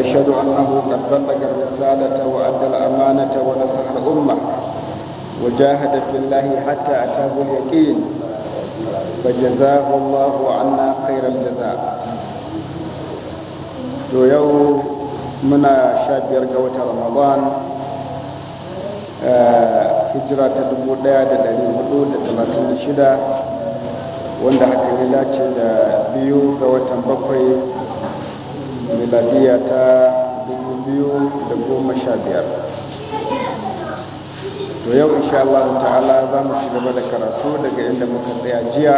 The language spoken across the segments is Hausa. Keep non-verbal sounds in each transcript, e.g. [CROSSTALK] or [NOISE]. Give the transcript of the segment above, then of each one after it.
أشهد أنه قد بلغ الرسالة وأدى الأمانة ونصح الأمة وجاهد في الله حتى أتاه اليقين فجزاه الله عنا خير الجزاء يوم منا شابير قوة رمضان hijira ta dubu ɗaya da ɗari hudu da talatin da shida wanda hakan ya dace da biyu ga watan bakwai miladiya ta 2015 to yau insha Allah ta'ala za mu ci gaba da karatu daga inda muka tsaya jiya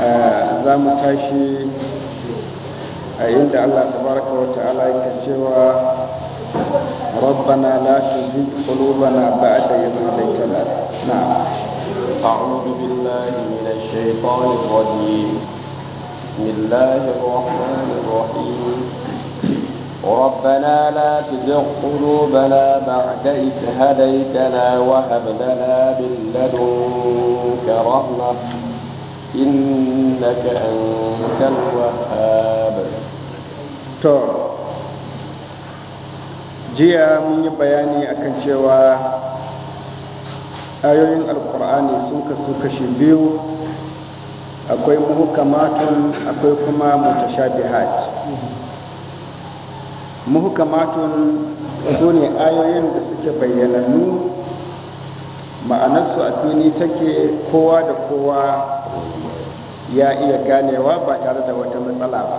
eh, za mu tashi a inda Allah tabaraka wa ta'ala yake cewa ربنا لا تزغ قلوبنا بعد إذ هديتنا نعم أعوذ بالله من الشيطان الرجيم بسم الله الرحمن الرحيم ربنا لا تزغ قلوبنا بعد إذ هديتنا وهب لنا من لدنك رحمة إنك أنت الوهاب jiya mun yi bayani akan cewa ayoyin alkur'ani sun kasu kashi biyu akwai muhukamatun akwai kuma mutashabihat muhukamatun su ne ayoyin da suke bayyanannu ma'anarsu a fili take kowa da kowa ya iya ganewa ba tare da wata matsala ba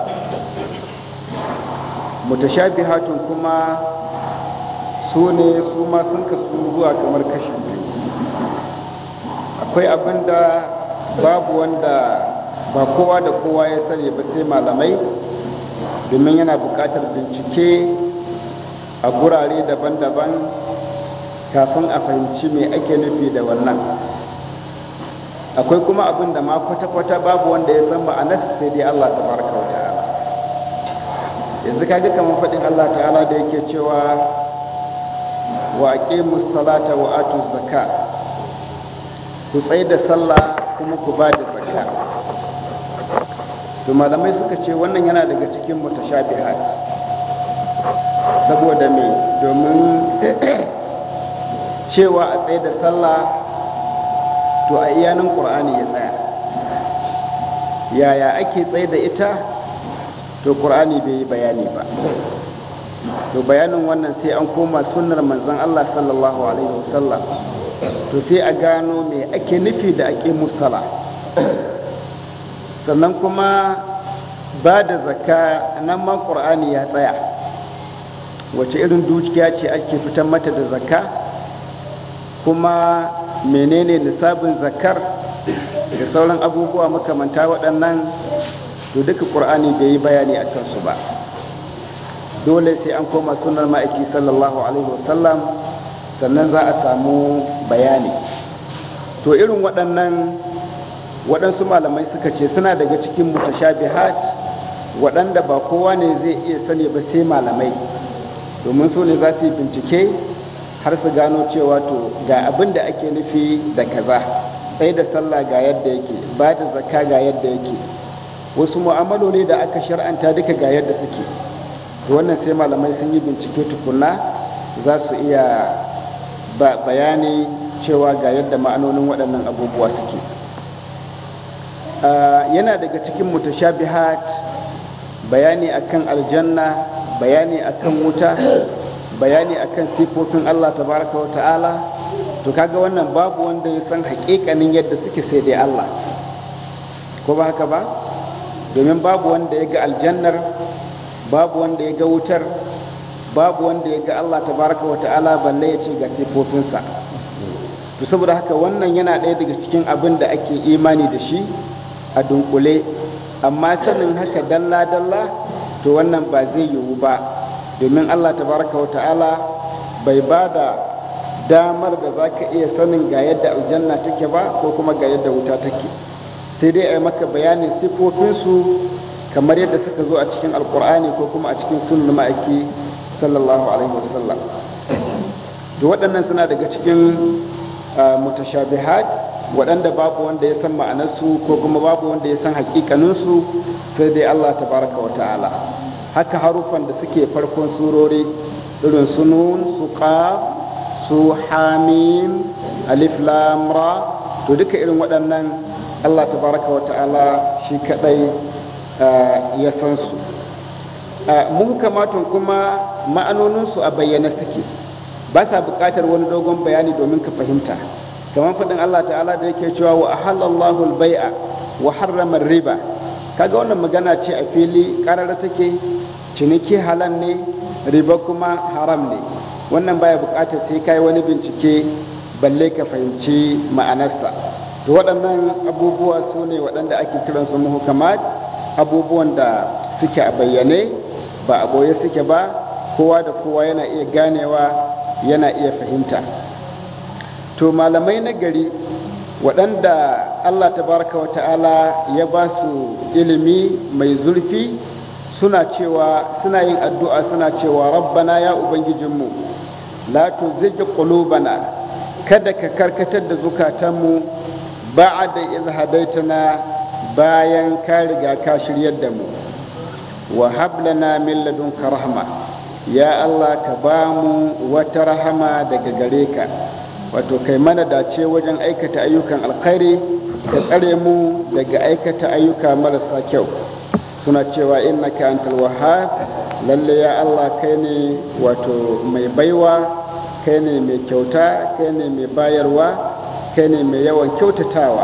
mutashabihatun kuma su ne su ma sun kasu zuwa kamar kashi akwai abin babu wanda ba kowa da kowa ya sani ba sai malamai domin yana buƙatar bincike a gurare daban-daban kafin a fahimci mai ake nufi da wannan akwai kuma abin da ma kwata-kwata babu wanda ya san ba a ma'anarsa sai dai allah ta wa ta'ala yanzu kaga kamar faɗin allah ta'ala da yake cewa wa aqimus salata wa atu ku tsaye da sallah kuma ku ba da zakka to malamai suka ce wannan yana daga cikin mutashabihat saboda me domin [CLEARS THROAT] cewa a tsaye da sallah to a iyanin ƙur'ani ya tsaya yaya ake tsaye da ita to ƙur'ani bai yi bayani ba to bayanin wannan sai an koma sunnar manzon allah sallallahu alaihi wasallam to sai a gano me ake nufi da ake musala sannan kuma ba da zakka nan man ƙur'ani ya tsaya wace irin dukiya ce ake fitan mata da zaka kuma menene nisabin zakar da sauran abubuwa makamanta waɗannan to duka ƙur'ani bai yi bayani a kansu ba dole sai an koma sunan ma'aiki sallallahu alaihi wasallam sannan za a samu bayani to irin waɗannan waɗansu malamai suka ce suna daga cikin mutashabihat waɗanda ba kowa ne zai iya sani ba sai malamai domin su ne za su yi bincike har su gano cewa to ga abin da ake nufi da kaza sai da sallah ga yadda yake ba da zaka ga yadda yake wasu mu'amaloli da aka shar'anta duka ga yadda suke to wannan sai malamai sun yi bincike tukunna za su iya Ba bayani cewa ga yadda ma'anonin waɗannan abubuwa suke yana daga cikin mutashabihat bayani akan aljanna bayani akan wuta bayani akan sifofin Allah tabaraka wa ta'ala to kaga wannan babu wanda ya san hakikanin yadda suke sai dai Allah ko ba haka ba domin babu wanda ya ga aljannar babu wanda ya ga wutar babu wanda ya ga Allah tabaraka wa ta'ala balle ya ce ga sifofinsa to saboda haka wannan yana ɗaya daga cikin abin da ake imani da shi a dunkule amma sanin haka dalla dalla to wannan ba zai yiwu ba domin Allah tabaraka wa ta'ala bai ba da damar da za ka iya sanin ga yadda aljanna take ba ko kuma ga yadda wuta take sai dai a yi maka bayanin sifofinsu kamar yadda suka zo a cikin alkur'ani ko kuma a cikin sunan ma'aiki sallallahu alaihi wasallam da waɗannan suna daga cikin ah, mutashabihat waɗanda babu wanda ya san ma'anarsu ko kuma babu wanda ya san hakikaninsu sai dai Allah Ta baraka wa ta'ala haka harufan da suke farkon surori irin su nun su qaf su hamim alif lam to duka irin waɗannan Allah Ta baraka wa ta'ala shi kadai ah, ya san su Eh, kamata kuma ma'anoninsu a bayyane suke ba sa buƙatar wani dogon bayani domin ka fahimta kamar faɗin Allah ta'ala da yake cewa wa ahallallahu al-bai'a wa harrama riba kaga wannan magana ce a fili karara take ciniki halal ne riba kuma haram ne wannan baya buƙatar sai kai wani bincike balle ka fahimci ma'anarsa to waɗannan abubuwa sune waɗanda ake kiransu muhukamat abubuwan da suke a bayyane ba a boye suke ba kowa da kowa yana iya ganewa yana iya fahimta to malamai na gari waɗanda allah tabaraka wa ta'ala ya ba su ilimi mai zurfi suna cewa suna yin addu'a suna cewa rabbana ya ubangijinmu zai tuzigh qulubana kada ka karkatar da zukatanmu ba'da idh hadaitana bayan ka riga ka shiryar da mu wa hablana min ladunka rahma ya Allah ka ba mu wata rahama daga gare ka wato kai mana dace wajen aikata ayyukan alkhairi ka tsare mu daga aikata ayyuka marasa kyau suna cewa ka antal wahhab lalle ya Allah kai ne wato mai baiwa kai ne mai kyauta kai ne mai bayarwa kai ne mai yawan kyautatawa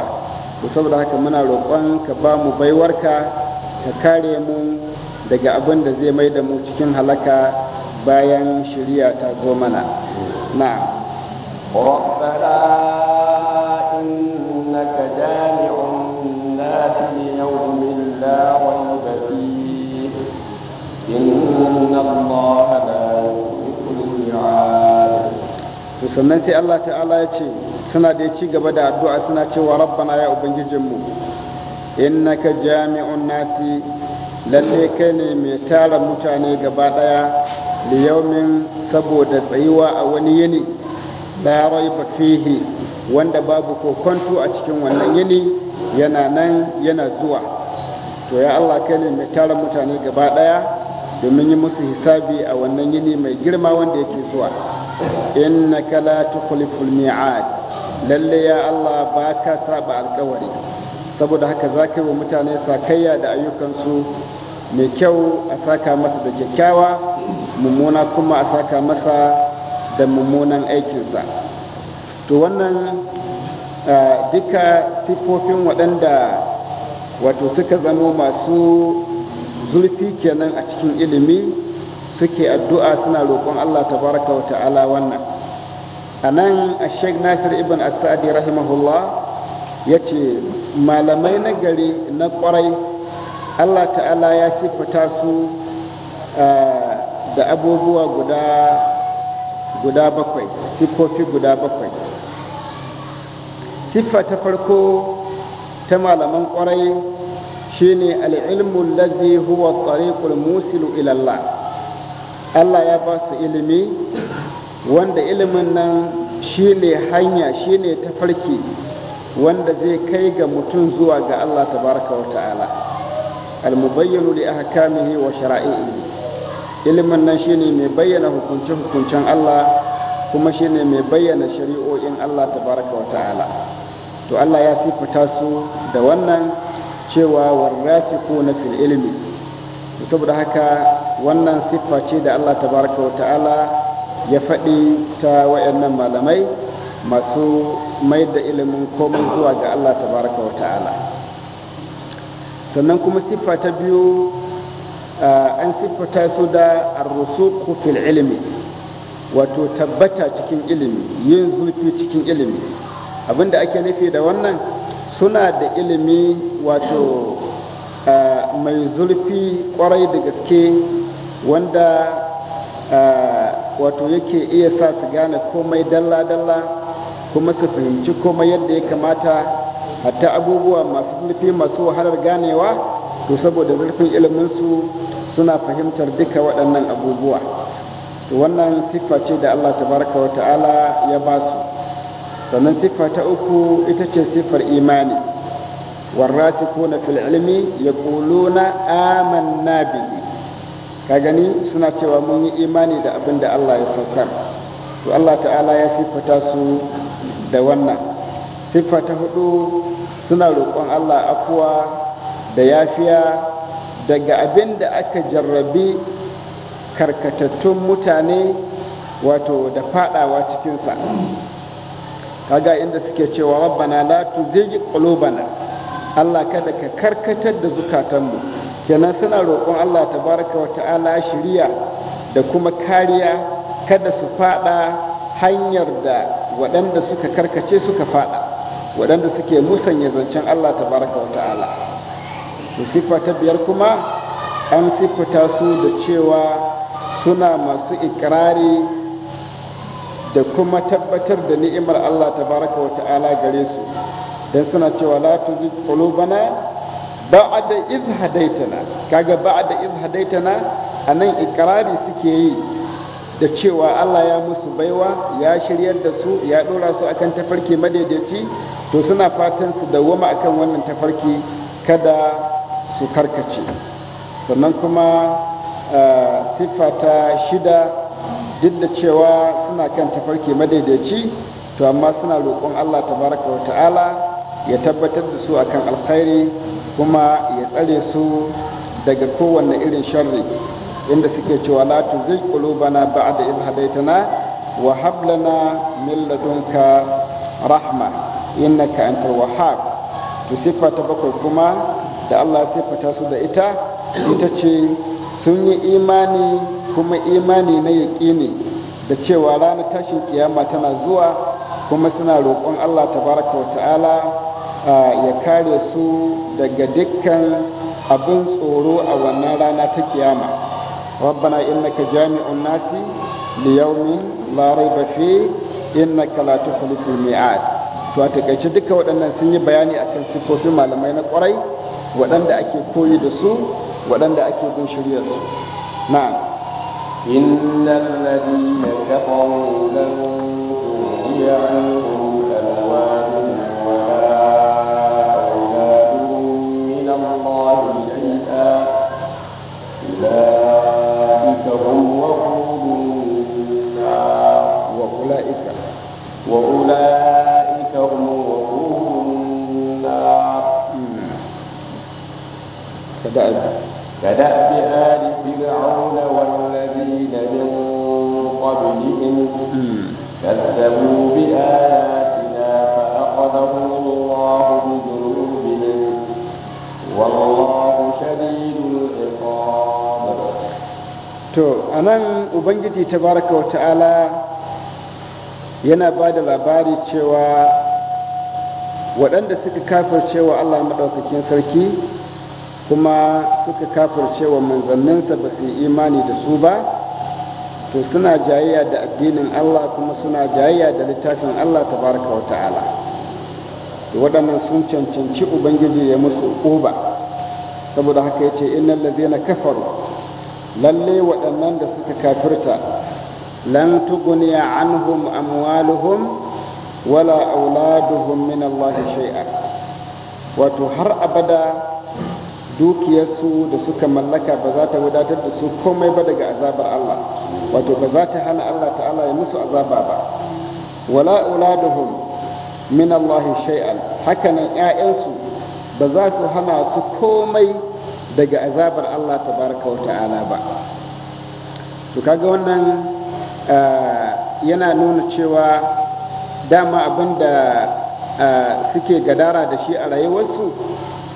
saboda haka muna roƙon ka ba mu baiwarka ka kare mu daga abin da zai mai da mu cikin halaka bayan shirya ta zo mana na'am ربنا sannan sai Allah ta'ala ya ce suna da ci gaba da addu'a suna cewa rabbana ya ubangijinmu innaka jami'un nasi lalle kai ne mai tara mutane gaba daya liyaumin saboda tsayuwa a wani yini la fihi wanda babu kokonto a cikin wannan yini yana nan yana zuwa to ya Allah kai ne mai tara mutane gaba daya domin yi musu hisabi a wannan yini mai girma wanda yake zuwa innaka la tukhliful mi'ad lalle ya Allah ba ka saba alkawari saboda haka za ka yi wa mutane sakayya da ayyukansu mai kyau a saka masa da kyakkyawa mummuna kuma a saka masa da mummunan aikinsa to wannan duka siffofin waɗanda wato suka zamo masu zurfi kenan a cikin ilimi suke addu'a suna roƙon allah tabaraka wa ta'ala wannan a nan a shek nasir ibn asadi rahimahullah ya ce malamai na gari na ƙwarai allah ta'ala ya sifata su da abubuwa guda guda bakwai siffofi guda bakwai siffa ta farko ta malaman kwarai shine al'ilmu lazi huwa tariqul musilu ilallah allah ya ba su ilimi wanda ilimin nan shine hanya shine tafarki wanda zai kai ga mutum zuwa ga allah tabaraka wa ta'ala almubayyanu li ahkamihi wa shara'i'ihi ilimin nan shine mai bayyana hukunce hukuncen Allah kuma shine mai bayyana shari'o'in Allah tabaraka wa ta'ala to Allah ya sifata su da wannan cewa warrasikuna fil ilmi saboda haka wannan siffa ce da Allah tabaraka wa ta'ala ya faɗi ta wayannan malamai masu mai da ilimin komai zuwa ga Allah tabaraka wa ta'ala sannan kuma siffa ta biyu an siffata su da arrusuku fil ilimi wato tabbata cikin ilimi yin zurfi cikin ilimi abinda ake nufi da wannan suna da ilimi wato mai zurfi kwarai da gaske wanda wato yake iya sa su gane komai dalla-dalla kuma su fahimci komai yadda ya kamata hatta abubuwa masu zurfi masu wahalar ganewa to saboda zurfin iliminsu suna fahimtar duka waɗannan abubuwa to wannan siffa ce da allah tabaraka wa ta'ala ya ba su sannan siffa ta uku ita ce siffar imani والراسخون na na aman آمنا ka kagani suna cewa mun yi imani da abin da Allah ya saukar to Allah ta'ala ya siffata su da wannan siffa ta hudu suna roƙon allah afuwa da yafiya daga abin da aka jarrabi karkatattun mutane wato da fadawa cikinsa kaga inda suke cewa rabbana la tuzigh qulubana allah kada ka karkatar da zukatanmu kenan suna roƙon allah tabaraka wa ta'ala shiriya da kuma kariya kada su fada hanyar da waɗanda suka karkace suka fada waɗanda suke musanya zancen Allah ta baraka wa ta'ala ta biyar kuma an siffata su da cewa suna masu ikirari da kuma tabbatar da ni'imar Allah ta baraka wa ta'ala gare su don suna cewa la tuzigh qulubana ba'da idh hadaitana kaga ba'da idh hadaitana anan ikirari suke yi da cewa Allah ya musu baiwa ya shiryar da su ya ɗora su akan tafarki madaidaici to suna fatan su dawwama akan wannan tafarki kada su karkace sannan kuma siffa shida duk da cewa suna kan tafarki madaidaici to amma suna roƙon Allah tabaraka wa ta'ala ya tabbatar da su akan alkhairi kuma ya tsare su daga kowanne irin sharri inda suke cewa la tuzigh qulubana ba'da idh hadaytana wa hab lana min ladunka rahma innaka antal wahhab to sifa ta bakwai kuma da Allah ya sifata su da ita ita ce sun yi imani kuma imani na yaƙini da cewa ranar tashin kiyama tana zuwa kuma suna roƙon Allah tabaraka wa ta'ala ya kare su daga dukkan abin tsoro a wannan rana ta kiyama ربنا إنك جامع الناس ليوم لا ريب فيه إنك لا تخلف الميعاد to a takaice duka waɗannan sun yi bayani akan siffofin malamai na ƙwarai waɗanda ake koyi da su waɗanda ake bin shiryar su na'am innal ladina kafaru كدأب كدأب آل فرعون والذين من قبلهم كذبوا بآياتنا فأخذهم الله بذنوبهم والله شديد العقاب to ubangiji tabaraka wa ta'ala yana ba da labari cewa waɗanda suka cewa allah maɗaukakin sarki kuma suka kafircewa manzanninsa ba su yi imani da su ba to suna jayayya da addinin Allah kuma suna jayayya da littafin Allah tabaraka wa ta'ala waɗannan sun cancanci ubangiji ya musu uba saboda haka ya ce innal na kafaru lalle waɗannan da suka kafirta lan tuguniya anhum amwaluhum wala auladuhum min Allah shay'a wato har abada dukiyarsu da suka mallaka ba za ta wadatar da su komai ba daga azabar Allah wato ba za ta hana Allah ta'ala ya musu azaba ba wala uladuhum min Allah shay'an hakanan ƴaƴansu ba za su hana su komai daga azabar Allah tabaraka wa ta'ala ba to kaga wannan yana nuna cewa dama abinda suke gadara da shi a rayuwarsu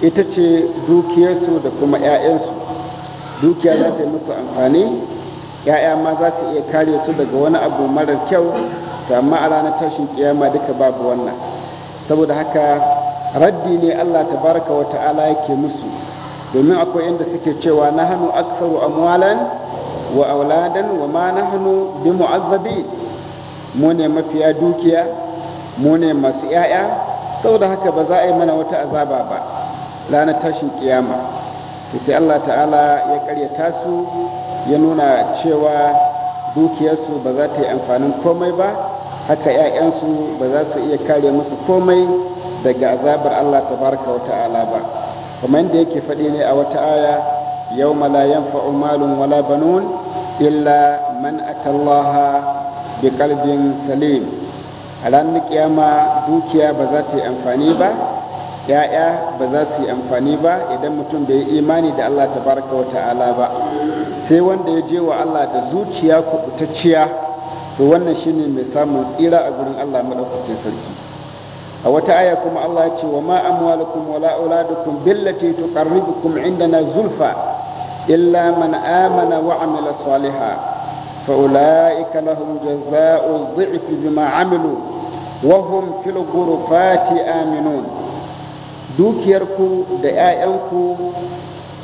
ita ce dukiyarsu da kuma 'ya'yansu dukiya za ta yi musu amfani 'ya'ya ma za su iya kare su daga wani abu marar kyau to amma a tashin kiyama duka babu wannan saboda haka raddi ne allah tabaraka wa ta'ala yake musu domin akwai inda suke cewa na hannu aksaru amwalan wa auladan wa ma na hannu bi mu'azzabi mu ne mafiya dukiya mu ne masu 'ya'ya saboda haka ba za a yi mana wata azaba ba ranar tashin kiyama to sai Allah ta'ala ya karyata su ya nuna cewa dukiyarsu ba za ta yi amfanin komai ba haka 'ya'yansu ba za su iya kare musu komai daga azabar Allah ta baraka wa ta'ala ba kamar da yake faɗi ne a wata aya yau yan yanfa'u wala banun illa man atallaha bi kalbin salim a ranar kiyama dukiya ba za ta yi amfani ba 'ya'ya ba za su yi amfani ba idan mutum bai yi imani da allah Ta baraka wa ta'ala ba sai wanda ya je wa allah da zuciya kubutacciya to wannan shine mai samun tsira a gurin allah maɗaukakin sarki a wata aya kuma allah ce wa ma amwalukum wala auladukum billati tuqarribukum indana zulfa illa man amana wa amila saliha fa ulaika lahum jazaa'u dhi'fi bima amilu wa hum fil dukiyarku da 'ya'yanku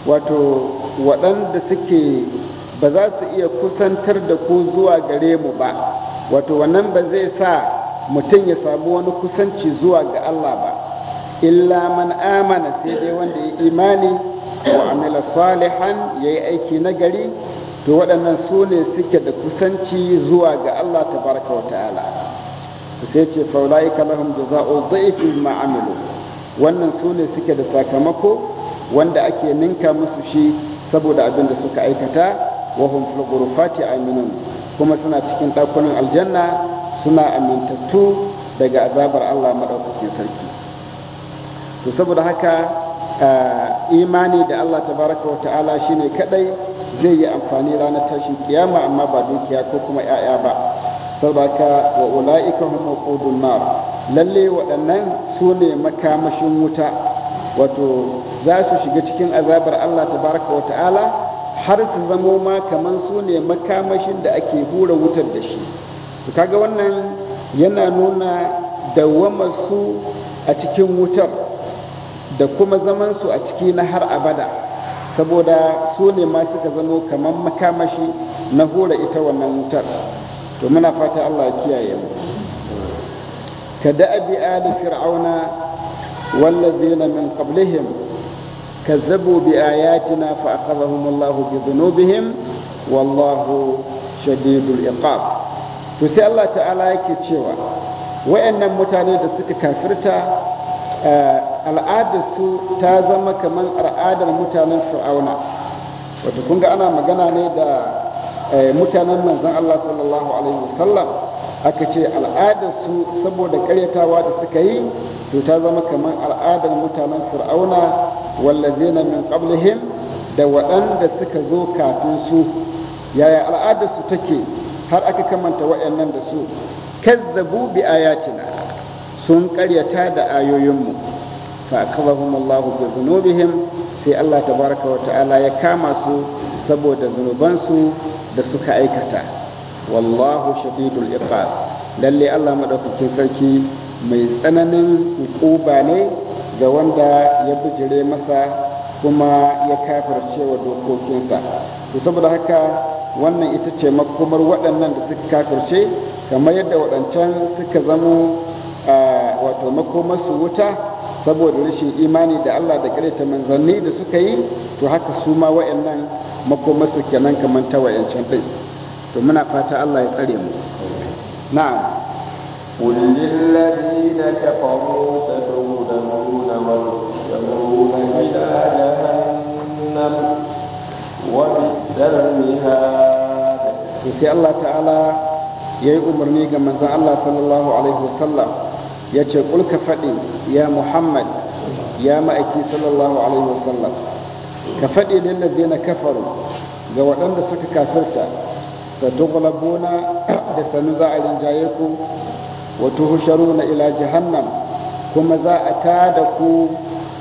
wato waɗanda suke ba za su iya kusantar da ku zuwa gare mu ba wato wannan ba zai sa mutum ya samu wani kusanci zuwa ga Allah ba illa man amana sai dai wanda ya imani wa amila salihan ya yi aiki na gari to waɗannan su ne suke da kusanci zuwa ga Allah ta baraka wa ta'ala sai ce faula'ika lahum jaza'u dhi'fi ma amilu wannan su ne suke da sakamako wanda ake ninka musu shi saboda abin da suka aikata wa hum Fati aminun kuma suna cikin ɗakunan aljanna suna amintattu daga azabar Allah maɗaukakin sarki to saboda haka eh, imani da Allah ta tabaraka wa ta'ala ne kaɗai zai yi amfani ranar tashin kiyama amma ba dukiya ko kuma 'ya'ya ba saboda haka wa ula'ika hum ƙudun mara. lalle waɗannan su ne makamashin wuta wato za su shiga cikin azabar allah tabaraka wa ta'ala har su zamo ma kaman su ne makamashin da ake hura wutar da shi to kaga wannan yana nuna dawama su a cikin wutar da kuma zaman su a ciki na har abada saboda su ne ma suka zamo kaman makamashi na hura ita wannan wutar to muna fata allah ya kiyaye mu كدأب آل فرعون والذين من قبلهم كذبوا بآياتنا فأخذهم الله بذنوبهم والله شديد العقاب تسي الله تعالى yake cewa wayannan mutane da suka kafirta eh, al'adarsu ta zama kamar al'adar mutanen fir'auna wato kun ana magana ne da eh, mutanen manzon Allah sallallahu alaihi wasallam aka ce al'adarsu saboda karyatawa da suka yi to ta zama kamar al'adar mutanen fir'auna wallazina min qablihim da waɗanda suka zo kafin su yaya al'adarsu take har aka kamanta waɗannan da su kazzabu bi ayatina sun karyata da ayoyinmu fa akhadhahum Allah bi dhunubihim sai Allah tabaraka wa ta'ala ya kama su saboda zunubansu da suka aikata wallahu shadidul iqab lalle Allah madaukakin sarki mai tsananin hukuba ne ga wanda ya bijire masa kuma ya kafirce wa dokokinsa to saboda haka wannan ita ce makomar waɗannan da suka kafirce kamar yadda waɗancan suka zamo wato makomarsu wuta saboda rashin imani da Allah da ta manzanni da suka yi to haka su ma waɗannan makomarsu kenan kamar ta wayancan ɗin to muna fata Allah ya tsare mu na'am قل للذين كفروا ستغلبون وتحشرون إلى جهنم وبئس المهاد sai Allah ta'ala ya yi umarni ga manzon Allah sallallahu alaihi wasallam ya ce kulka faɗi ya Muhammad ya ma'aiki sallallahu alaihi wasallam ka faɗi lillazina kafaru ga waɗanda suka kafarta. satughlabuna [COUGHS] da sanu za a rinjaye wato wa na ila jahannam kuma za a tada ku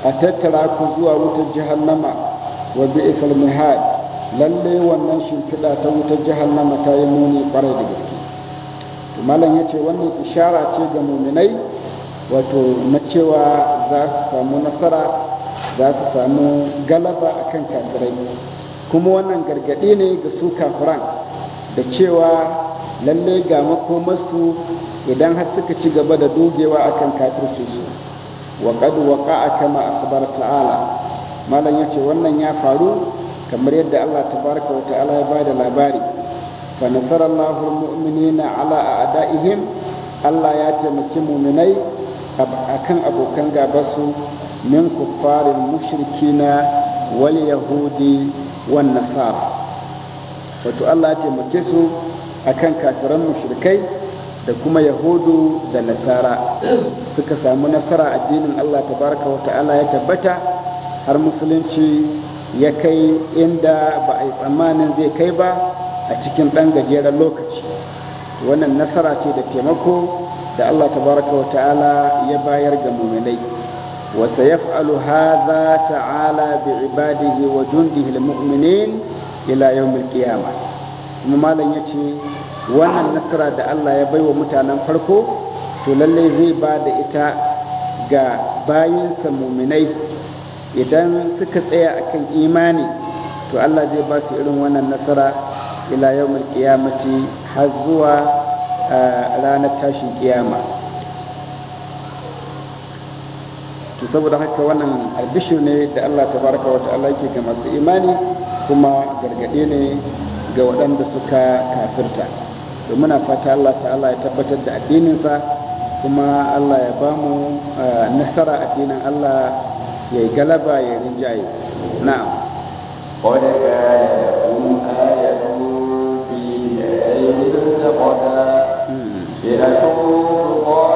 a tattara ku zuwa wutar jahannama wa bi'sal mihad lallai wannan shimfiɗa ta wutar jahannama ta yi muni ƙwarai da gaske to malam ya ce wannan ishara ce ga muminai wato na cewa za su samu nasara za su samu galaba akan kafirai kuma wannan gargaɗi ne ga su kafiran da cewa lalle ga makomarsu idan har suka ci gaba da dogewa akan kafircinsu wa wa waqa'a kama akhbar ta'ala malam ya ce wannan ya faru kamar yadda Allah tabaraka wa ta'ala ya bada labari fa nasarallahu almu'minina ala a'daihim Allah ya taimaki mu'minai akan abokan gabasu min kuffarin mushrikina wal yahudi wan nasara wato Allah ya taimake su akan kafiran mushrikai da kuma yahudu da nasara suka samu nasara addinin Allah tabaraka wa ta'ala ya tabbata har musulunci ya kai inda ba a yi tsammanin zai kai ba a cikin ɗan gajeren lokaci wannan nasara ce da taimako da Allah tabaraka wa ta'ala ya bayar ga muminai wa sayaf'alu hadha ta'ala bi ibadihi wa jundihi al-mu'minin ila yawmul qiyama kuma malam yace wannan nasara da Allah ya baiwa mutanen farko to lalle zai ba da ita ga bayinsa muminai idan suka tsaya akan imani to Allah zai ba su irin wannan nasara ila yawmul qiyamati har zuwa ranar tashin kiyama to saboda haka wannan albishir ne da Allah tabaraka wa ta'ala yake ga masu imani kuma gargaɗe ne ga waɗanda suka kafirta domin muna fata allah ta'ala ya tabbatar da addininsa kuma allah ya ba mu nasara addinin allah ya yi galaba ya rinjaye na'am قد ya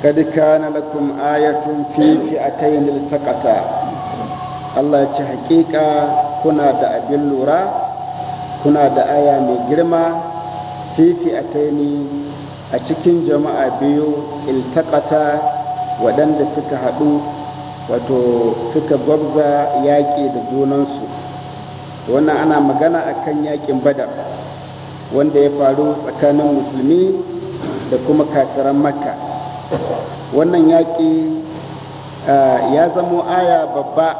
قد كان لكم آية في فئتين التقتا الله يتي حقيقة كنا دا أبن لورا كنا دا آية من جرما في فئتين أتكين جماعة بيو التقتا ودن دا هدو wato suka gwabza yaƙi da junansu wannan ana magana a kan yaƙin badar wanda ya faru tsakanin musulmi da kuma kafiran makka wannan yaƙi ya zamo aya babba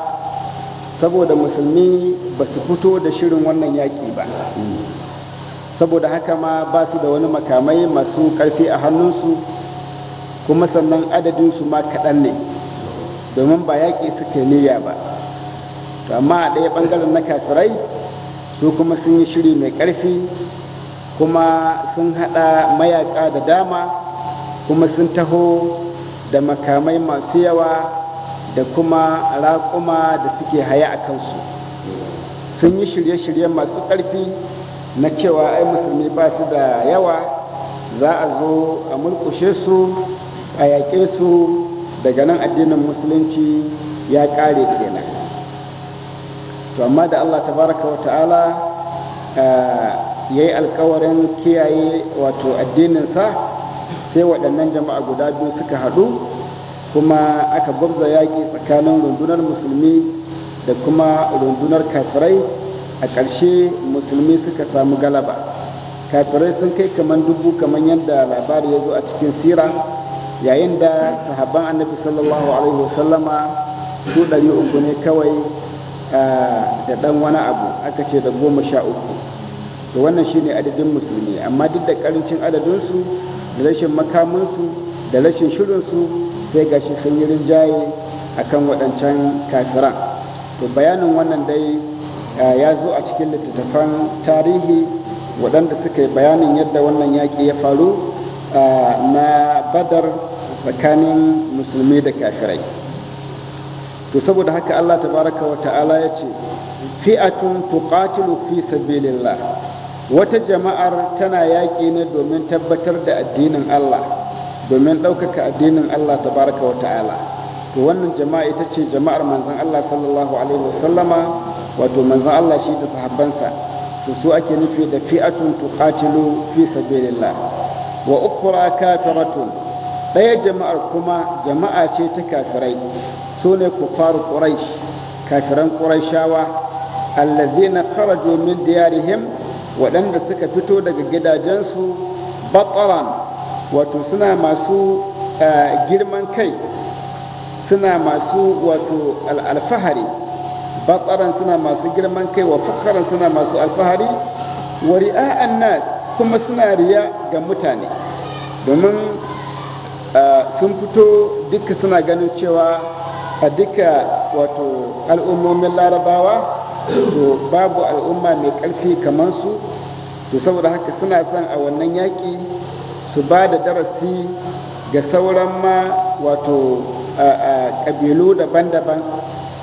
saboda musulmi ba su fito da shirin wannan yaƙi ba saboda haka ma ba su da wani makamai masu ƙarfi a hannunsu kuma sannan adadinsu ma kaɗan ne domin ba yaƙi suka niyya ba to amma a ɗaya ɓangaren na kafirai su kuma sun yi shiri mai ƙarfi kuma sun haɗa mayaƙa da dama kuma sun taho da makamai masu yawa da kuma raƙuma da suke haya a kansu sun yi shirye-shirye masu ƙarfi na cewa ai musulmi ba su da yawa za a zo a mulkushe su a yaƙe su daga nan addinin musulunci ya ƙare kenan to amma da allah tabaraka wa ta'ala eh, ya yi alkawarin kiyaye wato addininsa sai waɗannan jama'a guda biyu suka haɗu kuma aka gwabza yaƙi tsakanin rundunar musulmi da kuma rundunar kafirai a ƙarshe musulmi suka samu galaba kafirai sun kai kaman dubu kaman yadda labari ya zo a cikin sira yayin da sahaban annabi sallallahu alaihi wasallama su ɗari uku ne kawai da ɗan wani abu aka ce da goma sha uku to wannan shine adadin musulmi amma duk da ƙarancin adadinsu da rashin makamansu da rashin shirinsu sai ga shi sun yi rinjaye a kan waɗancan kafiran to bayanin wannan dai ya zo a cikin littattafan tarihi waɗanda suka yi bayanin yadda wannan yaƙi ya faru na badar tsakanin musulmi da kafirai to saboda haka allah tabaraka wa ta'ala ya ce fi'atun tuqatilu fi sabilillah wata jama'ar tana yaƙi ne domin tabbatar da addinin Allah domin ɗaukaka addinin Allah baraka wa ta'ala to wannan jama'a ita ce jama'ar manzan Allah sallallahu alaihi wasallama wato manzan Allah shi da sahabbansa to su ake nufi da fi'atun tuqatilu fi sabilillah wa ukhra kafiratun ɗaya jama'ar kuma jama'a ce ta kafirai su ne kufaru quraish kafiran quraishawa alladhina kharaju min diyarihim waɗanda suka fito daga gidajensu batsaran wato suna masu eh, girman kai suna masu wato alfahari batsaran suna masu girman kai wa fukaran suna masu alfahari wa ri'a'an nas kuma suna riya ga mutane domin eh, sun fito duka suna ganin cewa a duka wato al'ummomin larabawa to babu al'umma mai ƙarfi kamar su to saboda haka suna son a wannan yaƙi su ba da darasi ga sauran ma wato ƙabilu daban-daban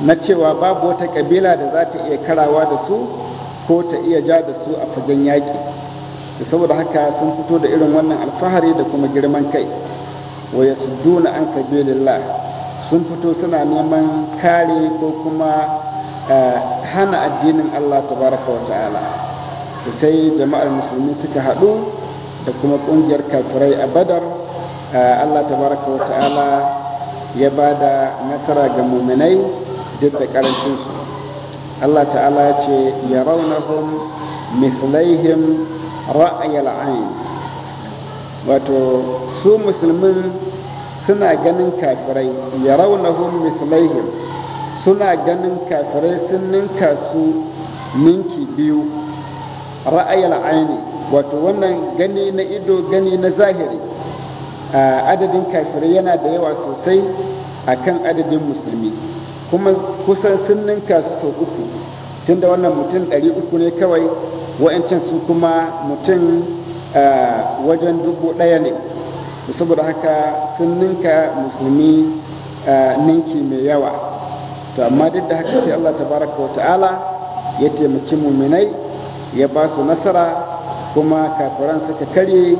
na cewa babu wata ƙabila da za ta iya karawa da su ko ta iya ja da su a fagen yaƙi da saboda haka sun fito da irin wannan alfahari da kuma girman kai waya su duna an sabi sun fito suna neman kare ko kuma hana addinin Allah tabaraka wa ta'ala da sai jama'ar musulmi suka haɗu da kuma ƙungiyar kafirai a badar Allah tabaraka wa ta'ala ya ba da nasara ga muminai duk da ƙarancinsu Allah ta'ala ya ce ya raunahum mislaihim ra'ayal ayn wato su musulmin suna ganin kafirai ya raunahum mislaihim suna ganin kafirai sun ninka su ninki biyu ra'ayar aini wato wannan gani na ido gani na zahiri adadin kafirai yana da yawa sosai akan adadin musulmi kuma kusan sun ninka su sau uku tunda wannan mutum ɗari uku ne kawai wa'ancan su kuma mutum wajen dubu ɗaya ne saboda haka sun ninka musulmi ninki mai yawa to amma duk da haka sai Allah tabaraka wa ta'ala ya taimaki muminai ya ba su nasara kuma kafiran suka karye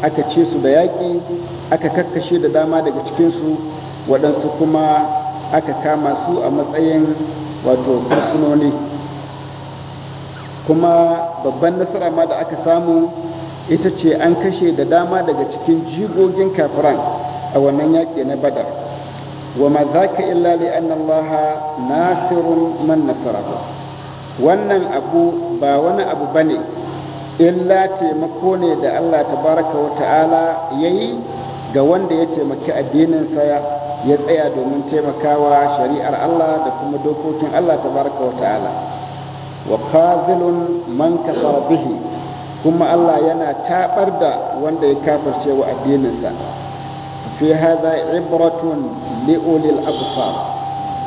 aka ce su da yaƙi aka kakkashe da dama daga cikinsu waɗansu kuma aka kama su a matsayin wato fursunoni kuma babban nasara ma da aka samu ita ce an kashe da dama daga cikin jigogin kafiran a wannan yaƙi na badar وما ذاك ilali لأن الله ناصر man نصره wannan abu ba wani abu ba ne illa taimako ne da allah tabaraka wa ta'ala ya yi ga wanda ya taimaki addininsa ya tsaya domin taimakawa shari'ar allah da kuma dokokin allah tabaraka wa ta'ala wa qazilun man kafara bihi kuma allah yana tabar da wanda ya kafirce wa addininsa fi hadha ibratun li'ulil absar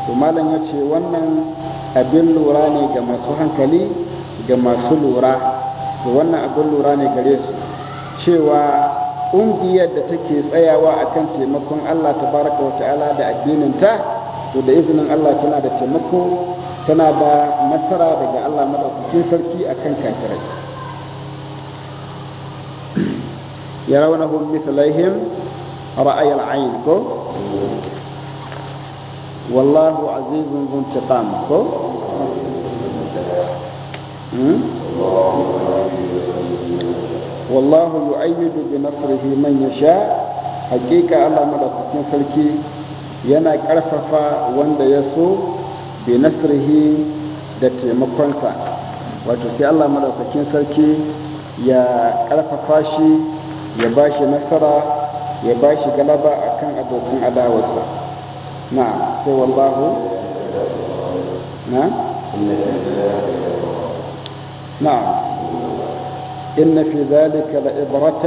to malam ya ce wannan abin lura ne ga masu hankali ga masu lura to wannan abin lura ne gare su cewa ƙungiyar da take tsayawa a kan taimakon allah ta wa ta'ala da addinin ta to da izinin allah tana da taimako tana da nasara daga allah maɗaukakin sarki a akan kafirai [CLEARS THROAT] yarawunahum a ra'ayar ayin ko wallahu azizun ذو انتقام ko hmm? wallahu yu'ayyidu bi nasrihi man yasha hakika Allah madaukakin sarki yana ƙarfafa wanda ya so bi nasrihi da taimakonsa wato sai Allah madaukakin sarki ya ƙarfafa shi ya bashi nasara ya bashi galaba akan abokan adawarsa نعم سوى والله نعم نعم إن في ذلك لعبرة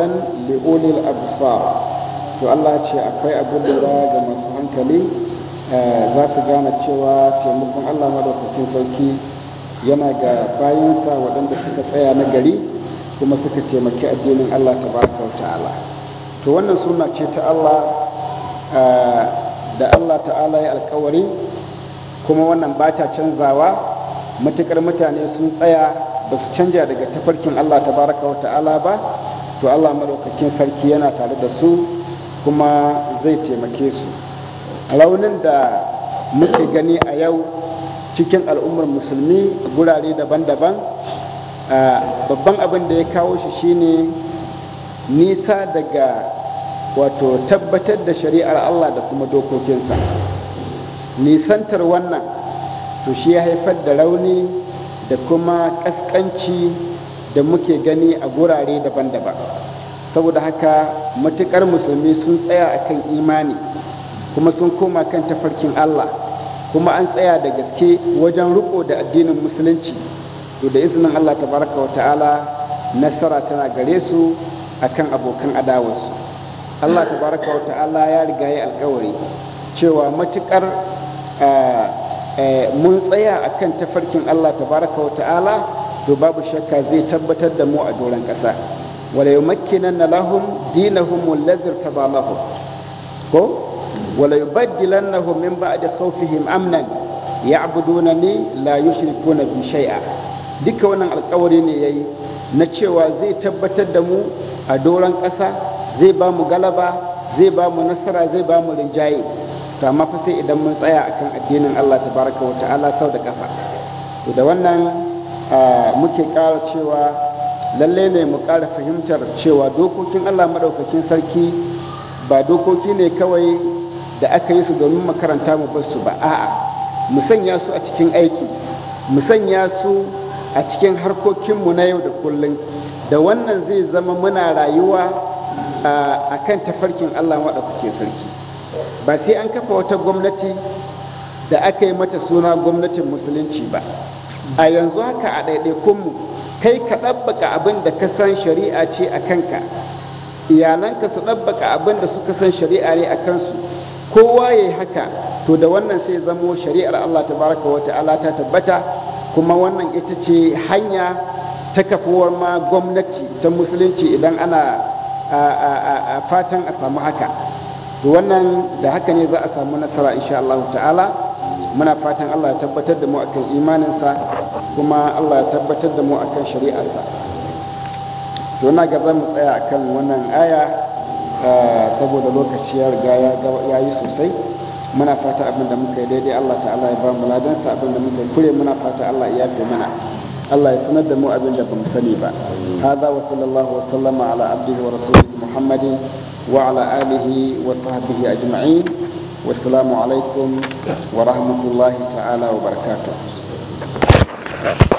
لأولي الأبصار to Allah ce akwai abin lura ga masu hankali za su gane cewa taimakon Allah madaukakin sarki yana ga bayansa waɗanda suka tsaya na gari kuma suka taimaki addinin Allah ta baraka ta'ala to wannan suna ce ta Allah da Allah ta'ala ya alkawari kuma wannan ba ta canzawa matukar mutane sun tsaya ba su canja daga tafarkin Allah baraka wa ta'ala ba to Allah maraukakin sarki yana tare da su kuma zai taimake su raunin da muke gani a yau cikin al'ummar musulmi gurare daban-daban babban abin da ya kawo shi shine nisa daga wato tabbatar da shari'ar Allah da kuma dokokinsa nisantar wannan to shi ya haifar da rauni da kuma ƙasƙanci da muke gani a gurare daban-daban saboda haka matuƙar musulmi sun tsaya a kan imani kuma sun koma kan tafarkin Allah kuma an tsaya da gaske wajen riko da addinin musulunci to da izinin Allah tabaraka wa ta'ala nasara tana gare su akan abokan adawarsu Allah tabaraka wa ta'ala ya riga ya alkawari cewa matukar eh, eh, mun tsaya a kan tafarkin Allah tabaraka wa ta'ala to babu shakka zai tabbatar da mu a doron ƙasa wala yumakkinanna lahum dinahum ta ba lahum ko wala yubaddilannahum min da khawfihim amnan ne la na bi shai'a. duka wannan alkawari ne yayi na cewa zai tabbatar da mu a doron ƙasa zai ba mu galaba zai ba mu nasara zai ba mu rinjaye to amma fa sai idan mun tsaya akan addinin Allah tabaraka wata ta'ala sau da kafa to da wannan muke ƙara cewa lalle ne mu ƙara fahimtar cewa dokokin Allah madaukakin sarki ba dokoki ne kawai da aka yi su domin makaranta mu bar su ba a'a mu sanya su a cikin aiki mu sanya su a cikin harkokinmu na yau da kullum da wannan zai zama muna rayuwa a kan tafarkin Allah kuke sarki ba sai an kafa wata gwamnati da aka yi mata suna gwamnatin musulunci ba a yanzu haka a ɗaiɗaikunmu kai ka ɗabbaka abin da ka san shari'a ce a kanka iyalanka su ɗabbaka abin da suka san shari'a ne a kansu kowa ya yi haka to da wannan sai zamo shari'ar Allah ta baraka wata ala ta tabbata kuma wannan ita ce hanya ta kafuwar ma gwamnati ta musulunci idan ana a fatan a samu haka to wannan da haka ne za a samu nasara insha Allah ta'ala muna fatan Allah ya tabbatar da mu akan imaninsa kuma Allah ya tabbatar da mu akan shari'arsa to na ga mu tsaya akan wannan aya saboda lokaci ya riga ya yi sosai muna fata abin muka yi daidai Allah ta'ala ya ba mu ladansa abin da muka kure muna fata Allah ya yafe mana Allah ya sanar da mu abin da bamu sani ba hada wa sallallahu wa sallama ala abdihi wa rasulihi muhammadin wa ala alihi wa sahbihi ajma'in alaikum wa rahmatullahi ta'ala wa barakatuh